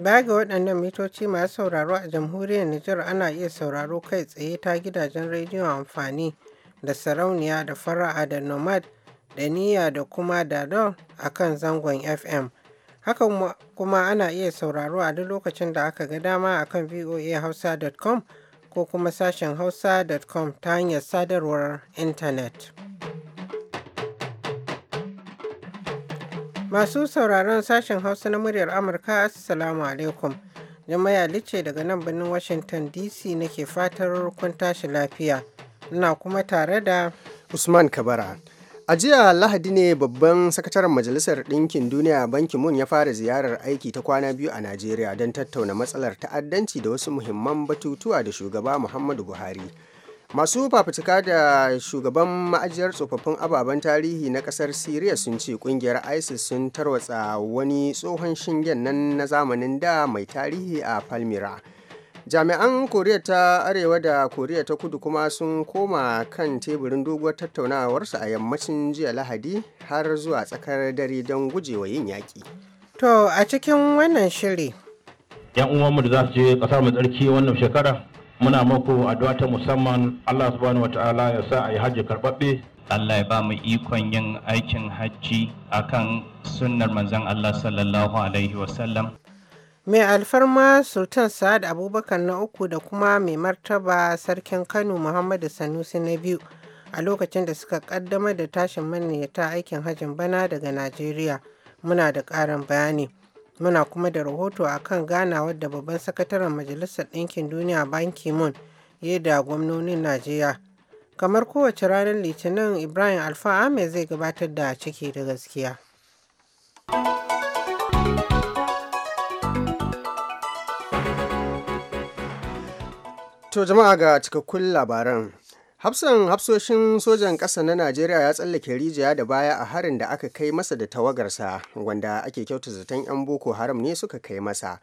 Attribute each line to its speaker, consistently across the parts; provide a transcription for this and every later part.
Speaker 1: Baya ga waɗannan mitoci masu sauraro a jamhuriyar Nijar ana iya sauraro kai tsaye ta gidajen rediyon amfani da sarauniya da fara'a da nomad da niyya da kuma dadon a kan zangon FM. hakan kuma ana iya sauraro a duk lokacin da aka ga dama a kan voahausa.com ko kuma sashen hausa.com ta hanyar sadarwar intanet. Masu sauraron sashen Hausa na muryar Amurka, Assalamu alaikum. Jama'a Lice daga nan birnin Washington DC nake fatar kun tashi lafiya. Ina kuma tare da Usman Kabara.
Speaker 2: A jiya Lahadi ne babban sakataren Majalisar Ɗinkin Duniya Banki Mun ya fara ziyarar aiki ta kwana biyu a Najeriya don tattauna matsalar ta'addanci da wasu muhimman batutuwa da shugaba Muhammadu Buhari. masu fafutuka da shugaban ma'ajiyar tsofaffin ababen tarihi na kasar siriya sun ce kungiyar isis sun tarwatsa wani tsohon shingen nan na zamanin da mai tarihi a palmira jami'an koriya ta arewa da koriya ta kudu kuma sun koma kan teburin doguwar tattaunawarsu a yammacin jiya lahadi har zuwa tsakar dare don gujewa yin yaƙi
Speaker 1: to a cikin wannan shiri
Speaker 3: 'yan uwanmu da za su je ƙasar mai tsarki wannan shekara muna muku addu'a ta musamman Allah subhanahu ta'ala ya sa a yi hajji karɓaɓɓe Allah ya ba mu ikon yin aikin hajji akan sunnar manzon Allah sallallahu alaihi wasallam
Speaker 1: mai alfarma sultan sa'ad abubakar na uku da kuma mai martaba sarkin kano muhammadu sanusi na biyu a lokacin da suka kaddamar da tashin ta aikin hajjin bana daga najeriya muna da ƙarin bayani Muna kuma da rahoto a kan ganawar da babban sakataren Majalisar Ɗinkin Duniya Ban Ki-moon ya da gwamnonin Najeriya. Kamar kowace ranar Litinin Ibrahim Alfa ame zai gabatar da ciki da gaskiya. To
Speaker 2: jama'a ga cikakkun labaran. Hafsan hafsoshin sojan ƙasa na Najeriya ya tsallake rijiya da baya a harin da aka kai masa da tawagarsa wanda ake kyauta zaton 'yan Boko Haram ne suka kai masa.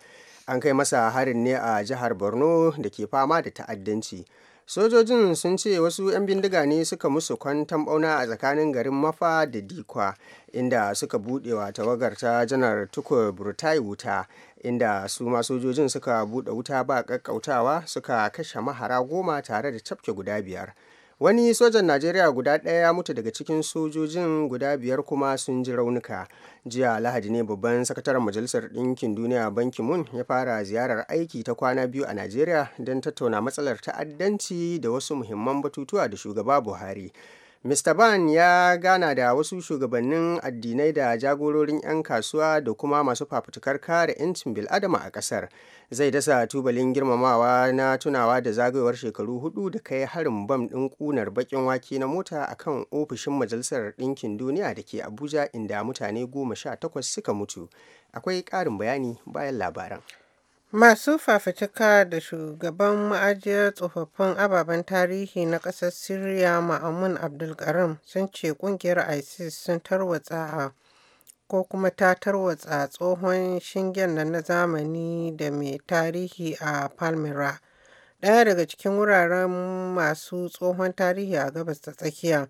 Speaker 2: An kai masa harin ne a jihar Borno da ke fama da ta'addanci. sojojin sun ce wasu 'yan bindiga ne suka musu kwantan bauna a tsakanin garin mafa da dikwa inda suka buɗewa tawagar ta janar tukur burtai wuta inda su ma sojojin suka buɗe wuta ba ƙaƙƙautawa suka kashe mahara goma tare da cafke guda biyar wani sojan najeriya guda ɗaya ya mutu daga cikin sojojin guda biyar kuma sun ji raunuka jiya lahadi ne babban sakataren majalisar ɗinkin duniya banki mun ya fara ziyarar aiki ta kwana biyu a najeriya don tattauna matsalar ta'addanci da wasu muhimman batutuwa da shugaba buhari Mr. Ban ya gana da wasu shugabannin addinai da jagororin 'yan kasuwa da kuma masu fafutukar kare 'yancin bil'adama a ƙasar. Zai dasa tubalin girmamawa na tunawa da zagayowar shekaru hudu da kai harin bam ɗin ƙunar baƙin wake na mota a kan ofishin Majalisar Ɗinkin Duniya da ke Abuja inda mutane goma sha takwas suka mutu. Akwai ƙarin bayani bayan labaran.
Speaker 1: Masu fafutuka da shugaban ma'ajiyar tsofaffin ababen tarihi na ƙasar Siriya Ma'amun Abdulkarim sun ce ƙungiyar ISIS sun tarwatsa ko kuma ta tarwatsa tsohon shingen da na zamani da mai tarihi a Palmyra, ɗaya daga cikin wuraren masu tsohon tarihi a gabas ta tsakiya.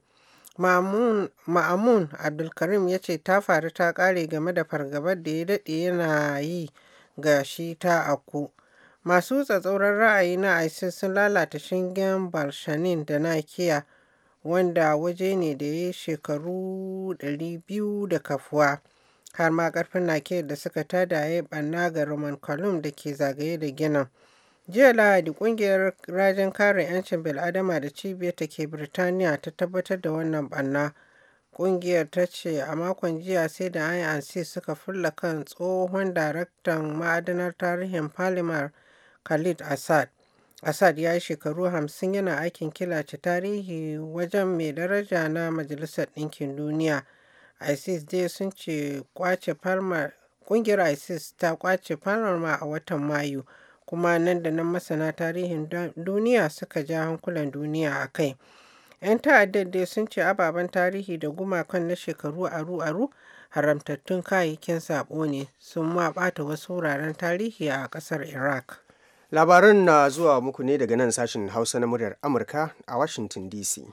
Speaker 1: Ma'amun Abdulkarim ya ce ta faru ta ƙare game da fargabar da ya daɗe yana yi gashi ta aku. Masu tsatsauran ra'ayi na ISIS sun lalata shingen Balshanin da Nakiya wanda waje ne da ya shekaru 200 da kafuwa. Har ma karfin nake da suka tada ya ɓanna ga Roman Column da ke zagaye da ginin. Jiya Lahadi kungiyar rajin kare 'yancin bil'adama da cibiyar ta ke Birtaniya ta tabbatar da wannan ɓanna. Ƙungiyar ta ce a makon jiya sai da INC suka fulla kan tsohon daraktan ma'adanar tarihin palimar Khalid Assad. Assad ya yi shekaru hamsin yana aikin kilace tarihi wajen mai daraja na Majalisar Ɗinkin Duniya. ISIS dai sun ce kwace palmar Ƙungiyar ISIS ta kwace ma a watan Mayu kuma nan da nan masana tarihin duniya suka ja hankulan duniya a kai. 'Yan ta'addar dai sun ce ababen tarihi da gumakan na shekaru aru-aru haramtattun kayayyakin sabo ne sun ma ɓata wasu wuraren tarihi a ƙasar Iraq.
Speaker 2: Labaran na zuwa muku ne daga nan sashen Hausa na muryar Amurka a Washington DC.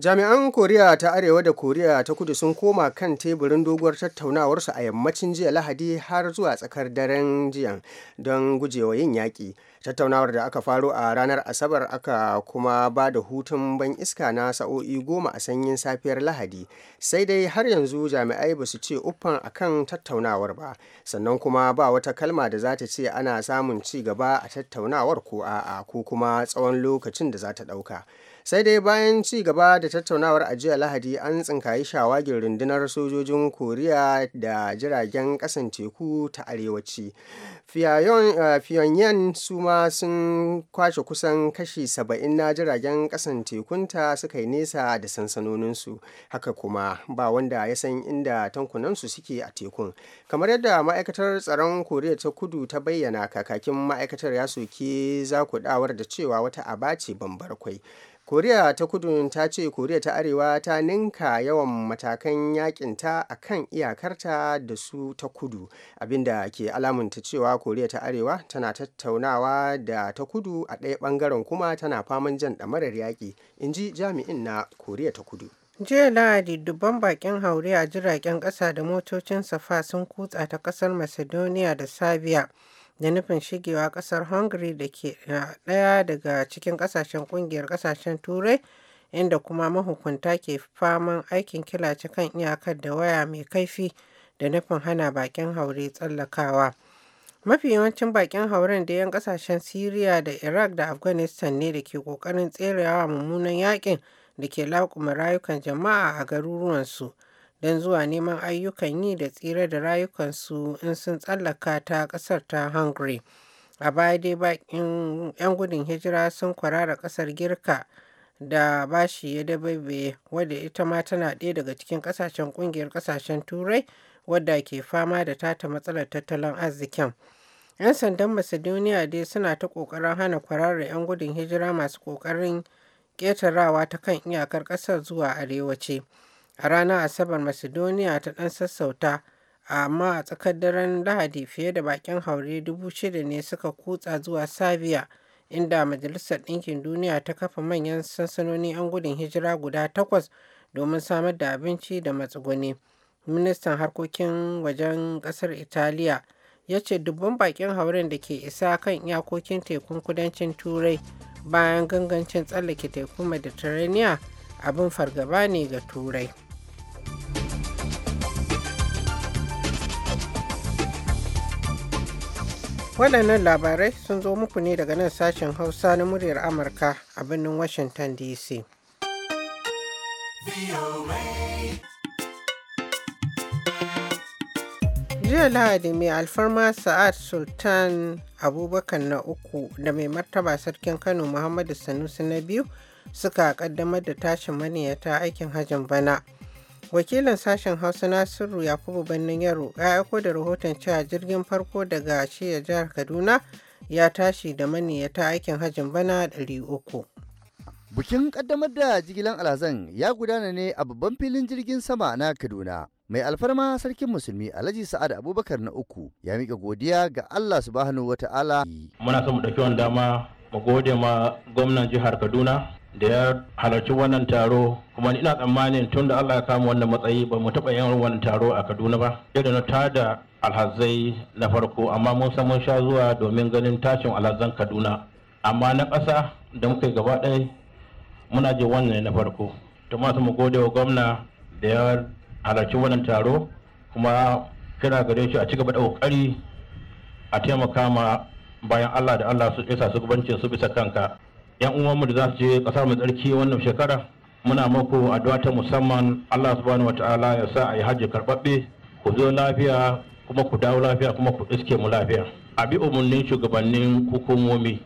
Speaker 2: jami'an koriya ta arewa da koriya ta kudu sun koma kan teburin doguwar tattaunawarsu a yammacin jiya lahadi har zuwa tsakar daren jiya don gujewa yin yaƙi tattaunawar da aka faro a ranar asabar aka kuma ba da hutun ban iska na sa'o'i goma a sanyin safiyar lahadi sai dai har yanzu jami'ai ba su ce uffan kan tattaunawar ba sannan kuma ba wata kalma da za ta ce ana samun ci gaba a tattaunawar ko a'a ko kuma tsawon lokacin da za ta ɗauka sai dai bayan ci gaba da tattaunawar a jiya lahadi an tsinkayi shawagin rundunar sojojin koriya da jiragen kasan teku ta arewaci eh, pyongyang su ma sun kwashe kusan kashi saba'in na jiragen kasan tekunta suka yi nesa da sansanoninsu haka kuma ba wanda ya san inda tankunansu suke a tekun kamar yadda ma'aikatar tsaron koriya ta kudu ta bayyana kakakin ma'aikatar ya soke zakudawar da cewa wata abaci bambarkwai koriya ta kudu ta ce koriya ta arewa ta ninka yawan matakan yakinta a kan iyakarta da su ta kudu abinda ke alamunta cewa koriya ta arewa tana tattaunawa da ta kudu a ɗaya ɓangaren kuma tana faman jan ɗamarar yaƙi in ji jami'in na koriya ta kudu
Speaker 1: jiya lahadi dubban bakin haure a jiragen ƙasa da motocin safa sun kutsa ta ƙasar macedonia da serbia da nufin shigewa ƙasar Hungary da ke ɗaya daga cikin ƙasashen ƙungiyar ƙasashen Turai inda kuma mahukunta ke faman aikin kilace kan iyakar da waya mai kaifi da nufin hana bakin haure tsallakawa. Mafi yawancin bakin hauren da 'yan ƙasashen Siriya da Iraq da Afghanistan ne da ke ƙoƙarin tserewa mummunan yakin da ke laƙuma rayukan jama'a a garuruwansu. don zuwa neman ayyukan yi da tsira da rayukansu in sun tsallaka ta ƙasar ta Hungary. A baya dai bakin 'yan gudun hijira sun kwarara ƙasar Girka da bashi ya dabebe wadda ita ma tana ɗaya daga cikin ƙasashen ƙungiyar ƙasashen Turai wadda ke fama da tata matsalar tattalin arzikin. 'Yan sandan Macedonia dai suna ta ƙoƙarin hana kwararra 'yan gudun hijira masu ƙoƙarin ƙetarawa ta kan iyakar ƙasar zuwa arewaci. A ranar Asabar Macedonia ta ɗan sassauta, amma a tsakar daren Lahadi fiye da baƙin haure shida ne suka kutsa zuwa Serbia inda Majalisar Ɗinkin Duniya ta kafa manyan sansanonin 'yan gudun hijira guda takwas domin samar da abinci da matsuguni. Ministan harkokin wajen ƙasar Italiya ya ce dubban baƙin hauren da ke isa kan iyakokin tekun kudancin Turai bayan gangancin tsallake tekun Mediterranean abin fargaba ne ga Turai. waɗannan labarai sun zo muku ne daga nan sashen hausa na muryar amurka a birnin washington dc jiya lahadi mai alfarma sa'ad sultan abubakar na uku da mai martaba sarkin kano muhammadu sanusi na biyu suka kaddamar da tashin maniyata aikin hajin bana wakilin sashen hausa nasiru yakubu bannin yaro ya aiko da rahoton cewa jirgin farko daga shiya jihar kaduna ya tashi da maniyyata aikin hajjin bana 300 bikin kaddamar da jigilan alhazan ya gudana ne a babban
Speaker 4: filin jirgin sama na kaduna mai alfarma sarkin musulmi alhaji sa'ad abubakar na uku ya miƙa godiya ga allah subhanahu wa ta'ala
Speaker 3: muna son mu ɗauki wani dama mu gode ma gwamnan jihar kaduna da ya halarci wannan taro kuma ina tsammanin tun da Allah ya kama wannan matsayi ba mu taɓa yin wannan taro a Kaduna ba irin na tada alhazai na farko amma mun san mun sha zuwa domin ganin tashin alhazan Kaduna amma na ƙasa da muka yi gaba ɗaya muna je wannan na farko to ma mu gode wa gwamna da ya halarci wannan taro kuma kira gare shi a ci gaba da ƙoƙari a taimaka ma bayan Allah da Allah su isa su gubancin su bisa kanka yan uwanmu da za su je kasar mai tsarki wannan shekara muna muku addu'a ta musamman Allah subhanahu wataala ya sa a yi hajji karɓaɓɓe ku zo lafiya kuma ku dawo lafiya kuma ku iske mu lafiya a bi umarnin shugabannin hukumomi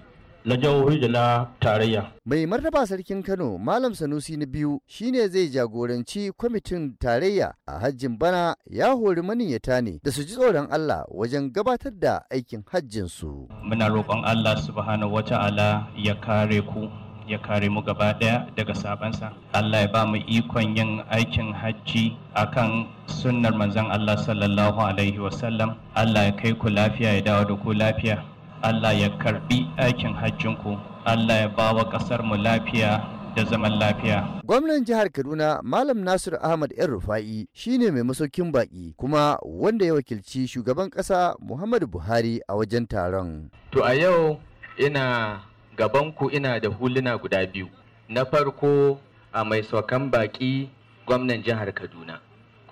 Speaker 3: na jihohi da na tarayya.
Speaker 4: Mai martaba sarkin Kano Malam Sanusi na biyu shine zai jagoranci kwamitin tarayya a hajjin bana ya hori maniyyata ne da su ji tsoron Allah wajen gabatar da aikin hajjin su.
Speaker 3: Muna roƙon Allah subhanahu ta'ala ya kare ku ya kare mu gaba ɗaya daga sabansa Allah ya ba mu ikon yin aikin hajji akan sunnar manzon Allah sallallahu alaihi wasallam Allah ya kai ku lafiya ya dawo da ku lafiya Allah ya karbi aikin hajjinku Allah ya bawa ƙasar mu lafiya da zaman lafiya.
Speaker 4: Gwamnan jihar Kaduna Malam Nasir Ahmad ‘yan Rufa'i shine mai masaukin baƙi kuma wanda ya wakilci shugaban ƙasa Muhammadu Buhari a wajen taron.
Speaker 3: To a yau ina gabanku ina da huluna guda biyu. Na farko a mai saukan baƙi gwamnan jihar Kaduna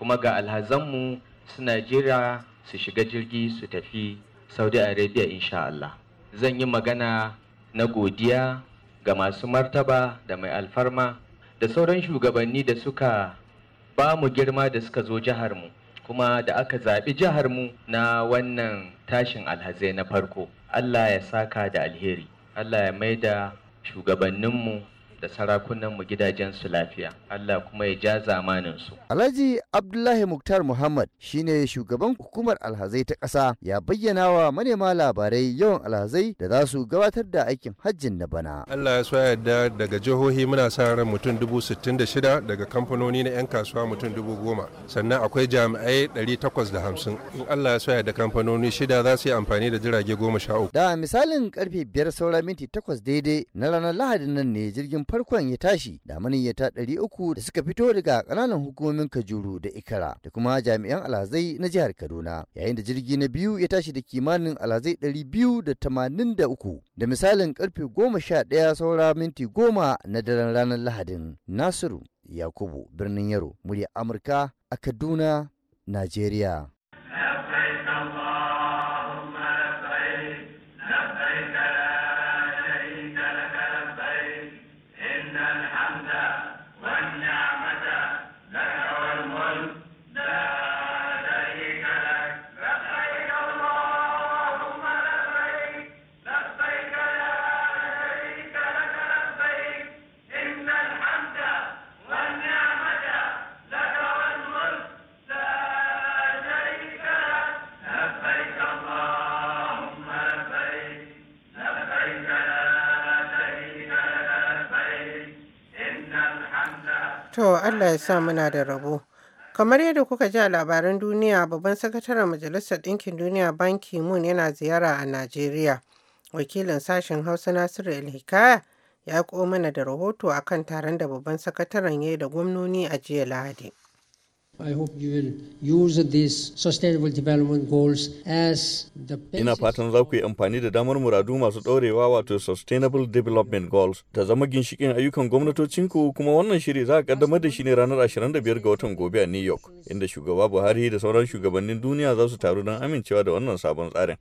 Speaker 3: kuma ga alhazanmu suna jira su shiga jirgi su tafi saudi arabia insha Allah zan yi magana na godiya ga masu martaba da mai alfarma da sauran shugabanni da suka ba mu girma da suka zo jiharmu kuma da aka zaɓi jiharmu na wannan tashin alhazai na farko allah ya saka da alheri allah ya maida shugabanninmu da sarakunanmu su lafiya Allah kuma ya ja zamaninsu.
Speaker 4: Alhaji Abdullahi Muktar Muhammad shine shugaban hukumar alhazai ta ƙasa ya bayyana wa manema labarai yawan alhazai da za su gabatar da aikin hajjin na bana.
Speaker 3: Allah ya soya yarda daga jihohi muna sa ran mutum dubu sittin da shida daga kamfanoni na 'yan
Speaker 4: kasuwa mutum dubu goma sannan akwai jami'ai ɗari takwas da hamsin in Allah ya soya yarda kamfanoni shida za su yi amfani da jirage goma sha uku. Da misalin karfe biyar saura minti takwas daidai na ranar Lahadin nan ne jirgin farkon ya tashi da maniyyata ɗari uku da suka fito daga ƙananan hukumomin Kajuru da Ikara da kuma jami'an alhazai na jihar Kaduna yayin da jirgi na biyu ya tashi da kimanin alhazai ɗari biyu da tamanin da uku da misalin karfe goma sha ɗaya saura minti goma na daren ranar Lahadin Nasiru Yakubu birnin Yaro murya Amurka a Kaduna Najeriya.
Speaker 1: ya sa muna da rabo. Kamar yadda kuka ji a labaran duniya, babban sakataren Majalisar Ɗinkin Duniya Ban Ki-moon yana ziyara a Najeriya. Wakilin sashen Hausa Nasiru El-Hikaya ya mana da rahoto akan taron da babban sakataren ya yi da gwamnoni a jiya Lahadi. Ina
Speaker 5: fatan za ku yi amfani da damar muradu masu ɗorewa wato Sustainable Development Goals ta zama ginshikin ayyukan gwamnatocinku kuma wannan shiri za a kaddamar da shi ne ranar 25 ga watan gobe a New York inda shugaba Buhari da sauran shugabannin duniya za su taru don amincewa da wannan sabon tsarin.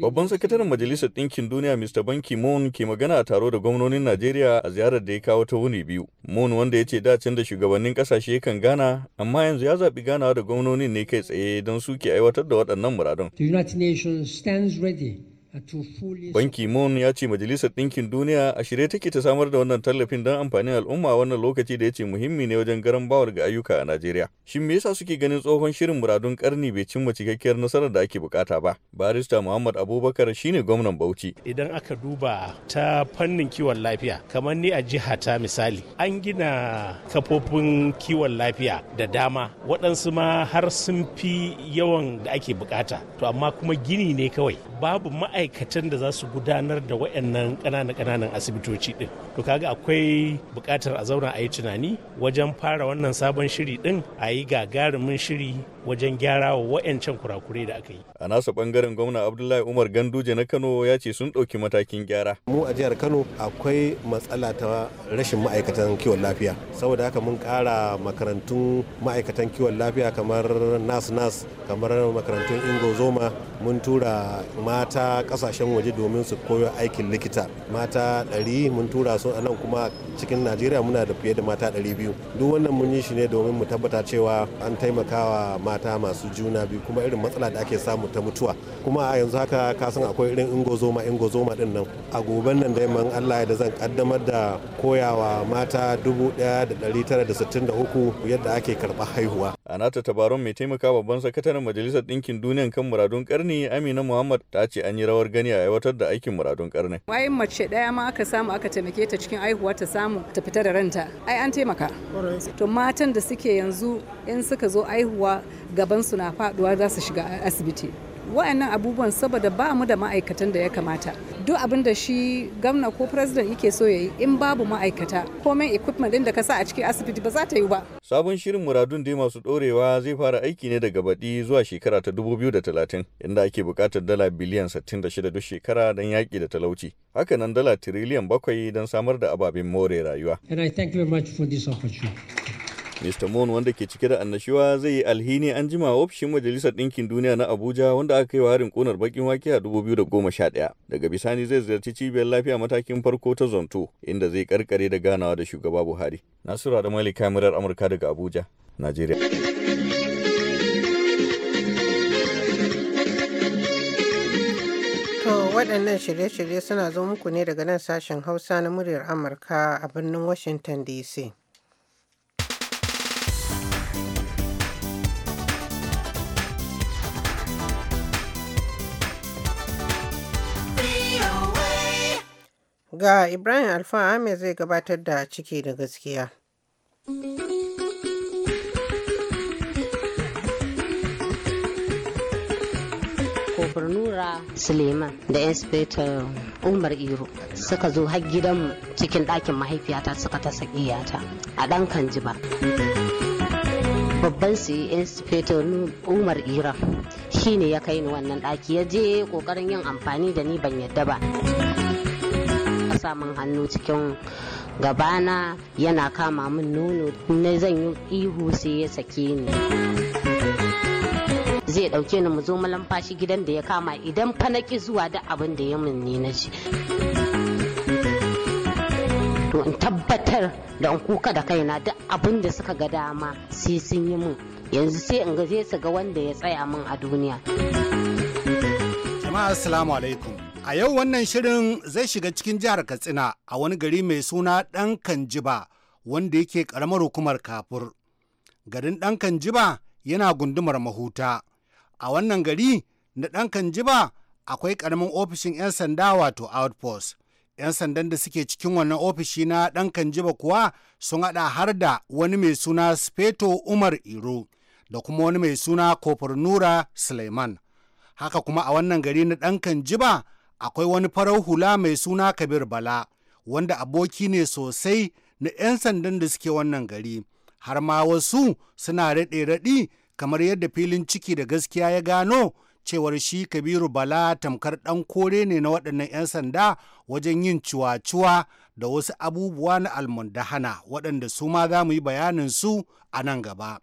Speaker 5: Babban sakataren Majalisar Ɗinkin Duniya Mr. Ban Ki-moon ke magana a taro da gwamnonin Najeriya a ziyarar da ya kawo ta wuni biyu. Moon wanda ya ce da can da shugabannin ƙasashe kan gana amma yanzu ya zaɓi ganawa da gwamnonin ne kai tsaye don suke aiwatar da waɗannan muradun.
Speaker 1: The United Nations stands ready banki
Speaker 5: Ki-moon ya ce Majalisar Ɗinkin Duniya a shirye take ta samar da wannan tallafin don amfanin al'umma wannan lokaci da ya ce muhimmi ne wajen garan bawar ga ayyuka a Najeriya. Shin me yasa suke ganin tsohon shirin muradun karni bai cimma cikakkiyar nasarar da ake bukata ba? Barista Muhammad Abubakar shine gwamnan Bauchi.
Speaker 6: Idan aka duba ta fannin kiwon lafiya, kamar ni a jiha ta misali, an gina kafofin kiwon lafiya da dama, waɗansu ma har sun fi yawan da ake bukata. To amma kuma gini ne kawai, babu ma'aikata ma'aikatan da za su gudanar da wayannan ƙananan ƙananan asibitoci din to kaga akwai buƙatar a zauna a yi tunani wajen fara wannan sabon shiri din a yi gagarumin shiri wajen gyara wa wa'ancan kurakurai da aka yi.
Speaker 5: A nasu bangaren gwamna Abdullahi Umar Ganduje na Kano ya ce sun ɗauki matakin gyara. Mu
Speaker 7: a jihar Kano akwai matsala ta rashin ma'aikatan kiwon lafiya. Saboda haka mun ƙara makarantun ma'aikatan kiwon lafiya kamar nas nas kamar makarantun ingo zoma mun tura mata ƙasashen waje domin su koyo aikin likita. Mata ɗari mun tura su a nan kuma cikin Najeriya muna da fiye da mata ɗari biyu. Duk wannan mun yi shi ne domin mu tabbata cewa an taimakawa mata masu juna biyu kuma irin matsala da ake samu ta mutuwa kuma a yanzu haka ka san akwai irin ingozoma ingozoma din nan a goben nan da man Allah da zan kaddamar da koyawa mata 1963 yadda ake karba
Speaker 1: haihuwa
Speaker 5: a ta tabaron mai taimaka babban sakataren majalisar ɗinkin duniya kan muradun karni amina muhammad ta ce an yi rawar gani a aiwatar da aikin muradun karni
Speaker 1: waye mace ɗaya ma aka samu aka taimake ta cikin haihuwa ta samu ta fita da ranta ai an taimaka to matan da suke yanzu in suka zo haihuwa. gabansu na faduwa za su shiga asibiti wa'annan abubuwan saboda ba mu da ma'aikatan da ya kamata duk abin da shi gamna ko president yake so ya yi in babu ma'aikata komai equipment din da ka sa a cikin asibiti ba za ta yi ba
Speaker 5: sabon shirin muradun dai masu dorewa zai fara aiki ne daga baɗi zuwa shekara ta 2030 inda ake bukatar dala biliyan 66 duk shekara don yaƙi da talauci haka nan dala tiriliyan bakwai don samar da ababen more rayuwa
Speaker 1: and i thank you very much for this opportunity
Speaker 5: Mr. Moon wanda ke cike da annashuwa zai yi alhini an jima ofishin Majalisar Ɗinkin Duniya na Abuja wanda aka kai wa harin ƙunar bakin wake a 2011. Daga bisani zai ziyarci cibiyar lafiya matakin farko ta Zonto inda zai karkare da ganawa da shugaba Buhari. Nasiru da Malika Amurka daga Abuja, Najeriya.
Speaker 1: waɗannan shirye-shirye suna zo muku ne daga nan sashen hausa na muryar amurka a birnin washington dc Ga Ibrahim Alfa Ahmed zai gabatar da ciki da gaskiya.
Speaker 8: Kofar Nura Suleiman da Inspector Umar Iro suka zo har gidanmu cikin ɗakin mahaifiyata suka ta sakiyata a ɗan ba babban su inspector umar Iro shine ya kai ni wannan ɗaki ya je ƙoƙarin yin amfani da ni ban yadda ba sa min hannu cikin gabana yana kama min nono na zan yi ihu sai ya sake ni zai dauke ni mu zo mu malamfashi gidan da ya kama idan fanaki zuwa da abin da ya min na to in tabbatar da in kuka da kaina duk abin da suka ga dama sai sun yi min yanzu sai in ga su ga wanda ya tsaya min a duniya
Speaker 7: jama'a assalamu alaikum A yau wannan shirin zai shiga cikin jihar Katsina a wani gari mai suna ɗan Kanjiba wanda yake ƙaramar hukumar kafur. Garin ɗan Kanjiba yana gundumar mahuta. A wannan gari na ɗan Kanjiba akwai ƙaramin ofishin 'yan sanda wato outpost. 'Yan sandan da suke cikin wannan ofishi na ɗan Kanjiba kuwa sun haɗa har da wani mai suna Speto Umar Iro da kuma wani mai suna Kofar Nura Suleiman. Haka kuma a wannan gari na ɗan Kanjiba akwai wani farar hula mai suna kabir bala wanda aboki ne sosai na 'yan sandan da suke wannan gari har ma wasu suna raɗe-raɗi kamar yadda filin ciki da gaskiya ya gano cewar shi kabiru bala tamkar ɗan kore ne na waɗannan 'yan sanda wajen yin ciwa-ciwa da wasu abubuwa na almundahana waɗanda su ma za mu yi bayanin su a nan gaba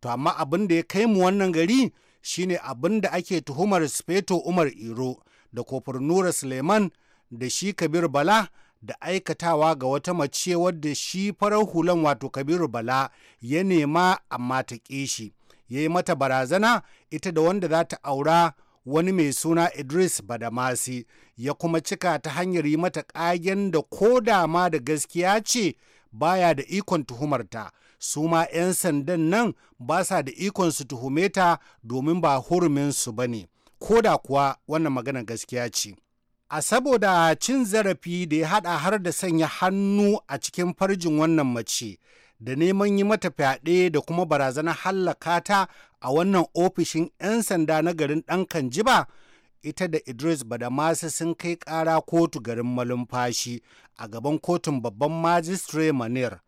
Speaker 7: to amma abin da ya kai mu wannan gari shine abin da ake tuhumar speto umar iro da kofar nura suleiman da shi kabir bala da aikatawa ga wata mace wadda shi farar hulan wato kabiru bala ya nema amma ta shi ya yi mata barazana ita da wanda za ta aura wani mai suna idris badamasi ya kuma cika ta hanyar yi mata ƙagen da ko dama da gaskiya ce baya da ikon tuhumarta su ma 'yan sandan nan ba sa da ikon su tuhume ta domin ba hurumin su ba ne ko da kuwa wannan magana gaskiya ce. A saboda cin zarafi da ya haɗa har da sanya hannu a cikin farjin wannan mace da neman yi mata fyaɗe da kuma barazanar hallaka ta a wannan ofishin 'yan sanda na garin ɗan Kanjiba, ita da Idris Badamasi sun kai ƙara kotu garin malumfashi a gaban kotun babban majistire Manir.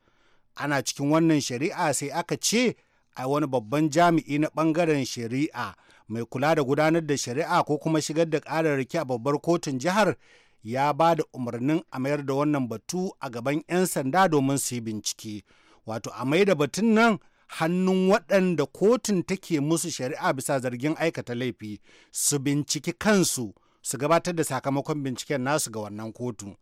Speaker 7: Ana cikin wannan shari'a sai aka ce a wani babban jami'i na ɓangaren shari'a mai kula da gudanar da shari'a ko kuma shigar da ƙararraki a babbar kotun jihar ya ba da umarnin a mayar da wannan batu a gaban 'yan sanda domin su yi bincike wato a mai da batun nan hannun waɗanda kotun take musu shari'a bisa zargin aikata laifi su binciki kansu su gabatar da sakamakon binciken nasu ga wannan kotu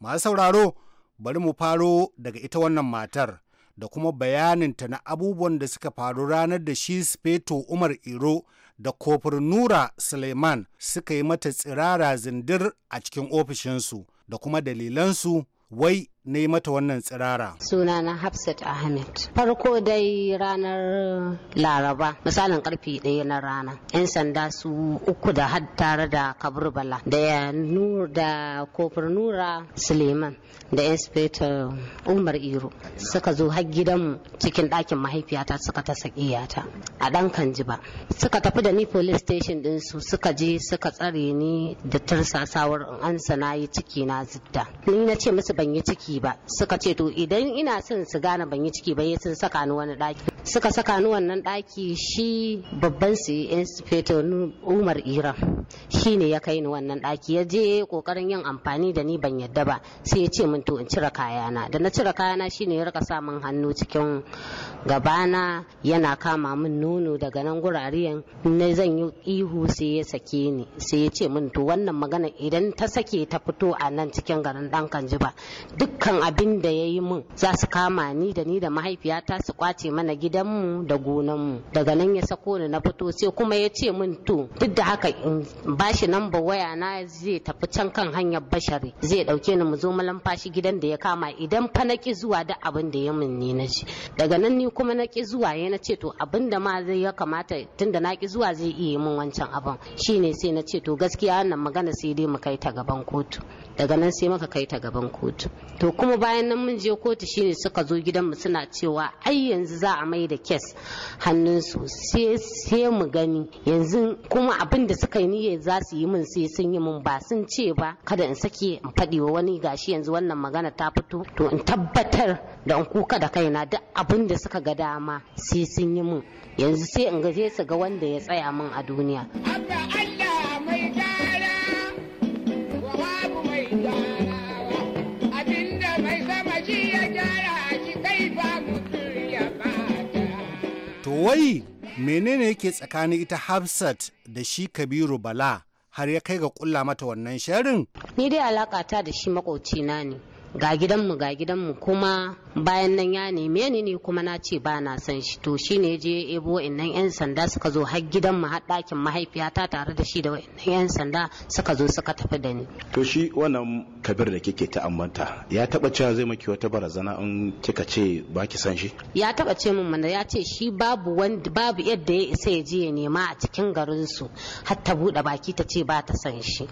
Speaker 7: masu sauraro bari mu faro daga ita wannan matar da kuma bayaninta na abubuwan da suka faru ranar da shi speto umar iro da kofar nura suleiman suka yi mata tsirara zindir a cikin ofishinsu da kuma dalilansu wai na yi mata wannan tsirara.
Speaker 8: Suna na Hafsat Ahmed. Farko dai ranar Laraba, misalin karfe ɗaya na rana, 'yan sanda su uku da har tare da Kabur Bala da ya Nura Suleiman da inspector umar iro suka zo har gidanmu cikin ɗakin mahaifiyata suka ta sakiyata a ɗan kanjiba suka tafi da ni police station din su suka je suka tsare ni da tursasawar in ansa na yi ciki na zidda ni na ce musu ban yi ciki ba suka ce to idan ina son su gane ban yi ciki ba sun saka ni wani ɗaki suka saka ni wannan ɗaki shi babban su inspector umar Iro shi ne ya kai ni wannan ɗaki ya je kokarin yin amfani da ni ban yadda ba sai ya ce min in cire kayana da na cire kayana shine ya rika sa min hannu cikin gabana yana kama min nono daga nan gurariyan na zan yi ihu sai ya sake ni sai ya ce min to wannan magana idan ta sake ta fito a nan cikin garin dan ba dukkan abin da ya yi min za su kama ni da ni da mahaifiyata su kwace mana gidan mu da gonan mu daga nan ya sako ni na fito sai kuma ya ce min to duk da haka in bashi namba waya na zai tafi can kan hanyar bashari zai dauke ni mu zo mu lamfashi gidan da ya kama idan fa na ki zuwa da abin da ya min ne na ji daga nan ni kuma na ki zuwa ya na ce to abin da ma zai ya kamata tunda na ki zuwa zai iya min wancan abin shine sai na ce to gaskiya wannan magana sai dai mu kai ta gaban kotu daga nan sai muka kai ta gaban kotu to kuma bayan nan mun je kotu shine suka zo gidan mu suna cewa ai yanzu za a mai da kes hannunsu sai mu gani yanzu kuma abin da suka yi niyyar za su yi min sai sun yi min ba sun ce ba kada in sake in faɗi wa wani gashi yanzu wannan wannan magana ta fito to in tabbatar da in kuka da kaina duk abin da suka ga dama sai sun yi min yanzu sai in gaje su ga wanda ya tsaya mun a duniya.
Speaker 7: To wai menene yake tsakanin ita Hafsat da shi Kabiru Bala har ya kai ga kulla mata wannan sharin?
Speaker 8: Ni dai ta da shi na ne, ga gidanmu ga gidanmu kuma bayan nan ya neme ni ne kuma na ce ba na san shi to shi ne je ebo nan yan sanda suka zo har gidan mu har ɗakin mahaifiyata tare da shi da wa'annan yan sanda suka zo suka tafi da ni
Speaker 3: to shi wannan kabir da kike ta'ammanta ya taba cewa zai maki wata barazana in kika ce ba ki san shi
Speaker 8: ya taba ce min mana ya ce shi babu wanda babu yadda ya isa ya je ya nema a cikin garin su har ta bude baki ta ce ba ta san shi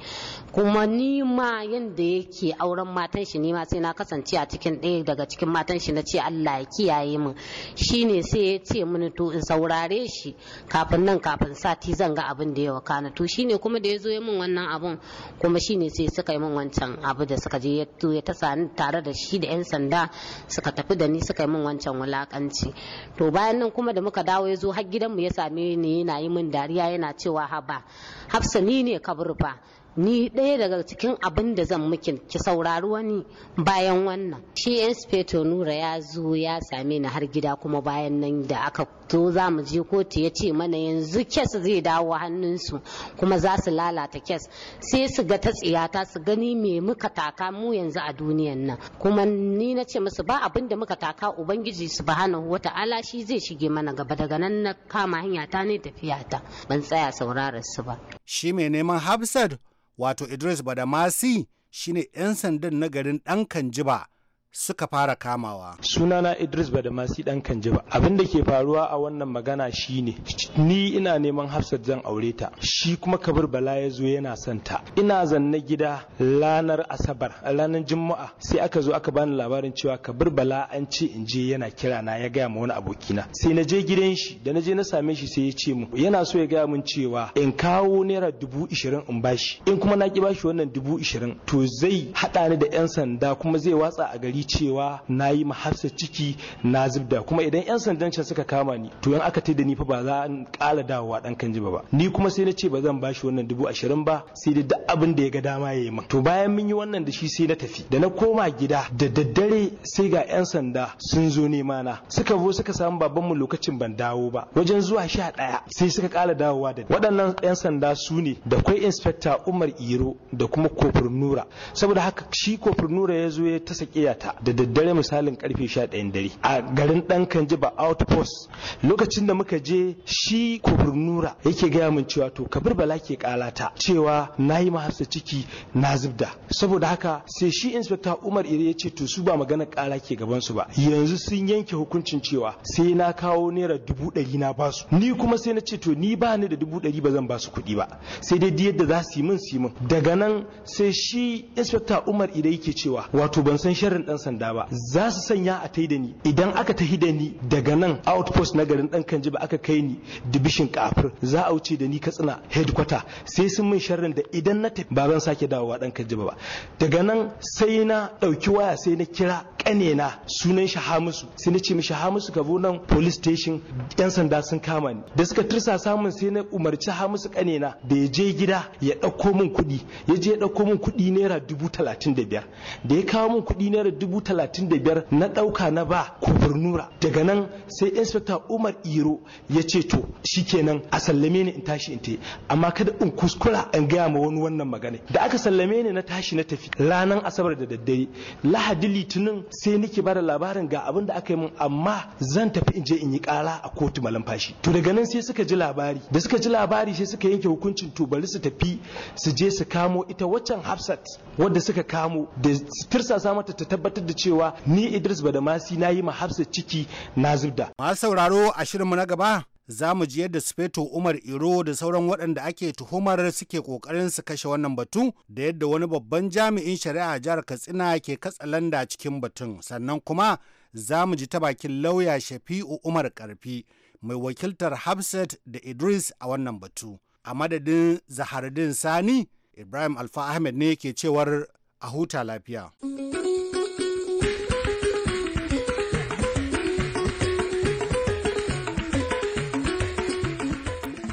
Speaker 8: kuma ni ma yanda yake auren matan shi ni ma sai na kasance a cikin ɗaya daga cikin matan matan shi na ce Allah ya kiyaye mu shine sai ya ce mini to in saurare shi kafin nan kafin sati zan ga abin da ya wakana to shine kuma da ya zo ya min wannan abun kuma shine sai suka yi min wancan abu da suka je ya tasa tare da shi da yan sanda suka tafi da ni suka yi mun wancan wulakanci to bayan nan kuma da muka dawo ya zo har gidanmu ya same ni yana yi min dariya yana cewa haba hafsa ni ne kaburfa ni ɗaya daga cikin abin da zan mukin ki saurari wani bayan wannan shi inspeto nura ya zo ya same ni har gida kuma bayan nan da aka to za mu je kotu ya ce mana yanzu kes zai dawo hannunsu kuma za su lalata kes sai su ga ta tsiyata su gani me muka taka mu yanzu a duniyan nan kuma ni na ce musu ba abin da muka taka ubangiji su wata ala shi zai shige mana gaba daga nan na kama hanya ta ne tafiya ta ban tsaya saurararsu ba shi mai neman
Speaker 7: hafsad wato Idris Badamasi shine 'yan sandan na garin ɗan Kanjiba suka fara kamawa.
Speaker 6: Sunana Idris Badamasi dan Kanjiba. Abin da ke faruwa a wannan magana shine ni ina neman Hafsat zan aure ta. Shi kuma Kabir Bala ya zo yana son ta. Ina zanne gida lanar Asabar, ranar Juma'a sai aka zo aka bani labarin cewa Kabir Bala an ce in je yana kira na ya gaya ma wani abokina. Sai na je gidan shi da na je na same shi sai ya ce mu yana so ya gaya min cewa in kawo naira dubu ishirin in bashi. In kuma na ki bashi wannan dubu ishirin to zai haɗa ni da 'yan sanda kuma zai watsa a gari yi cewa na yi mahafsa ciki na zubda kuma idan 'yan sandan can suka kama ni to yan aka da ni fa ba za a ƙara dawowa ɗan kan ba ni kuma sai na ce ba zan ba shi wannan dubu ashirin ba sai dai duk abin da ya ga dama ya yi min to bayan mun yi wannan da shi sai na tafi da na koma gida da daddare sai ga 'yan sanda sun zo nema na suka zo suka samu mu lokacin ban dawo ba wajen zuwa sha ɗaya sai suka ƙara dawowa da waɗannan 'yan sanda su ne da kwai inspector umar iro da kuma kofur nura saboda haka shi kofur nura ya zo ya ta sakiya ta da daddare misalin karfe 11 dare a garin dan kanji ba outpost lokacin da muka je shi kubur nura yake gaya mun cewa to kabir bala ke kalata cewa na yi mahafsa ciki na zubda saboda haka sai shi inspector umar ire ya ce to su ba magana kala ke gaban su ba yanzu sun yanke hukuncin cewa sai na kawo naira dubu ɗari na basu ni kuma sai na ce to ni ba ni da dubu ɗari ba zan basu kuɗi ba sai dai yadda za su yi min su yi min daga nan sai shi inspector umar ire yake cewa wato ban san sharrin dan sanda ba za su sanya a tai da ni idan aka tafi da ni daga nan outpost na garin dan kanji ba aka kai ni dibishin kafir za a wuce da ni katsina headquarter sai sun min sharrin da idan na tafi ba zan sake dawowa dan kanji ba daga nan sai na dauki waya sai na kira kanena sunan shi Hamisu sai na ce mishi Hamisu ka nan police station yan sanda sun kama ni da suka tursa samun sai na umarci Hamisu kanena da ya je gida ya dauko min kuɗi ya je ya dauko min kuɗi naira dubu talatin da biyar da ya kawo min kuɗi naira dubu dubu talatin da biyar na ɗauka na ba kofurnura daga nan sai inspector umar iro ya ce to shi shikenan a sallame ni in tashi in te amma kada in kuskura in gaya ma wani wannan magana da aka sallame ni na tashi na tafi ranar asabar da daddare lahadi litinin sai nake bada labarin ga abin da aka yi min amma zan tafi in je in yi kara a kotu malamfashi to daga nan sai suka ji labari da suka ji labari sai suka yanke hukuncin to bari su tafi su je su kamo ita waccan hafsat wadda suka kamo da tirsasa mata ta tabbatar tabbatar da
Speaker 7: cewa ni Idris Badamasi na yi ma ciki na zubda. Masu sauraro a shirinmu na gaba za mu ji yadda Sufeto Umar Iro da sauran waɗanda ake tuhumar suke kokarin su kashe wannan batu da yadda wani babban jami'in shari'a jihar Katsina ke katsalanda cikin batun sannan kuma za mu ji ta bakin lauya Shafi'u Umar Karfi mai wakiltar Hafsat da Idris a wannan batu. A madadin Zaharuddin Sani, Ibrahim Alfa Ahmed ne ke cewar a huta lafiya.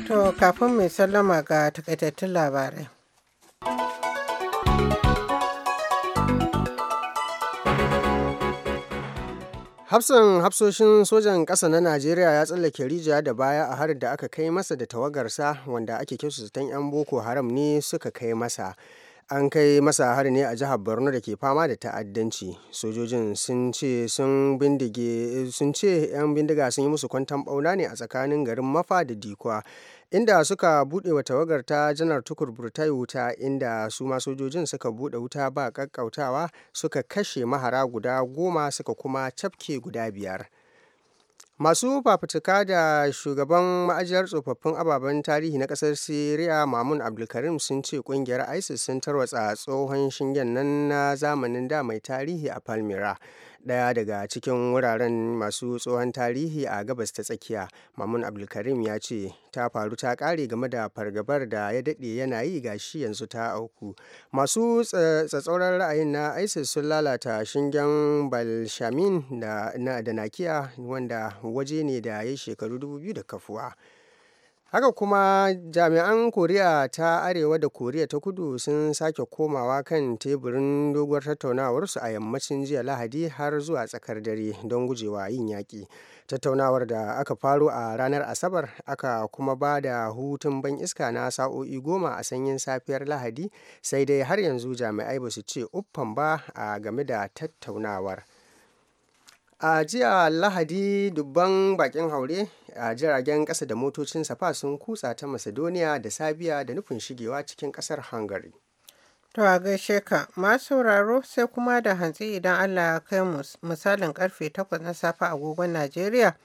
Speaker 1: To kafin mai sallama ga takaitattun labarai.
Speaker 2: Hafsan hafsoshin sojan ƙasa na Najeriya ya tsallake rijiya da baya a harin da aka kai masa da tawagarsa wanda ake kyautata 'yan Boko Haram ne suka kai masa. an kai masa hari ne a jihar borno da ke fama da ta'addanci sojojin sun ce sun bindige sun ce 'yan bindiga sun yi musu kwantan bauna ne a tsakanin garin mafa da dikwa inda suka buɗe wa tawagar ta janar tukur burtai wuta inda su ma sojojin suka buɗe wuta ba kakkautawa suka kashe mahara guda goma suka kuma cafke guda biyar Masu fafutuka da shugaban ma'ajiyar tsofaffin ababen tarihi na ƙasar Siriya mamun Abdulkarim sun ce ƙungiyar ISIS sun tarwatsa tsohon shingen nan na zamanin da mai tarihi a palmira ɗaya daga cikin wuraren masu tsohon tarihi a gabas ta tsakiya mamun abdulkarim ya ce ta faru ta ƙare game da fargabar da ya daɗe yana yi ga shi yanzu ta auku masu tsatsauran ra'ayin na isis sun lalata shingen balshamin da nakiya wanda waje ne da ya shekaru dubu biyu da kafuwa Haka kuma jami'an Koriya ta Arewa da Koriya ta Kudu sun sake komawa kan teburin doguwar tattaunawarsu a yammacin jiya Lahadi har zuwa tsakar dare don gujewa yin yaƙi. Tattaunawar da aka faro a ranar Asabar aka kuma ba da hutun ban iska na sa'o'i goma a sanyin safiyar Lahadi sai dai har yanzu jami'ai ba su ce uffan ba a game da tattaunawar. a jiya lahadi dubban bakin haure a jiragen kasa da motocin safa sun kutsa ta macedonia da sabiya da nufin shigewa cikin ƙasar hungary
Speaker 1: to a gaishe ka masu sauraro sai kuma da hantsi idan allah ya kai misalin karfe 8 na safe agogon najeriya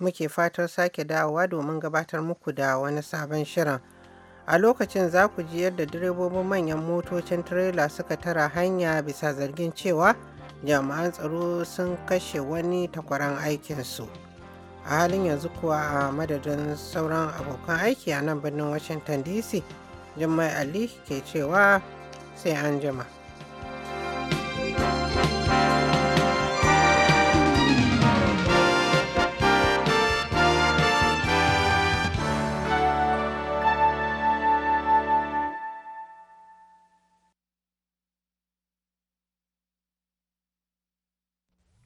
Speaker 1: muke fatar sake dawowa domin gabatar muku da wani sabon shirin a lokacin za ku ji yadda direbobin manyan motocin tirela suka tara hanya bisa zargin cewa jami'an tsaro sun kashe wani takwaran aikinsu a halin yanzu kuwa a madadin sauran abokan aiki a nan birnin washington dc jimai ali ke cewa sai an jima.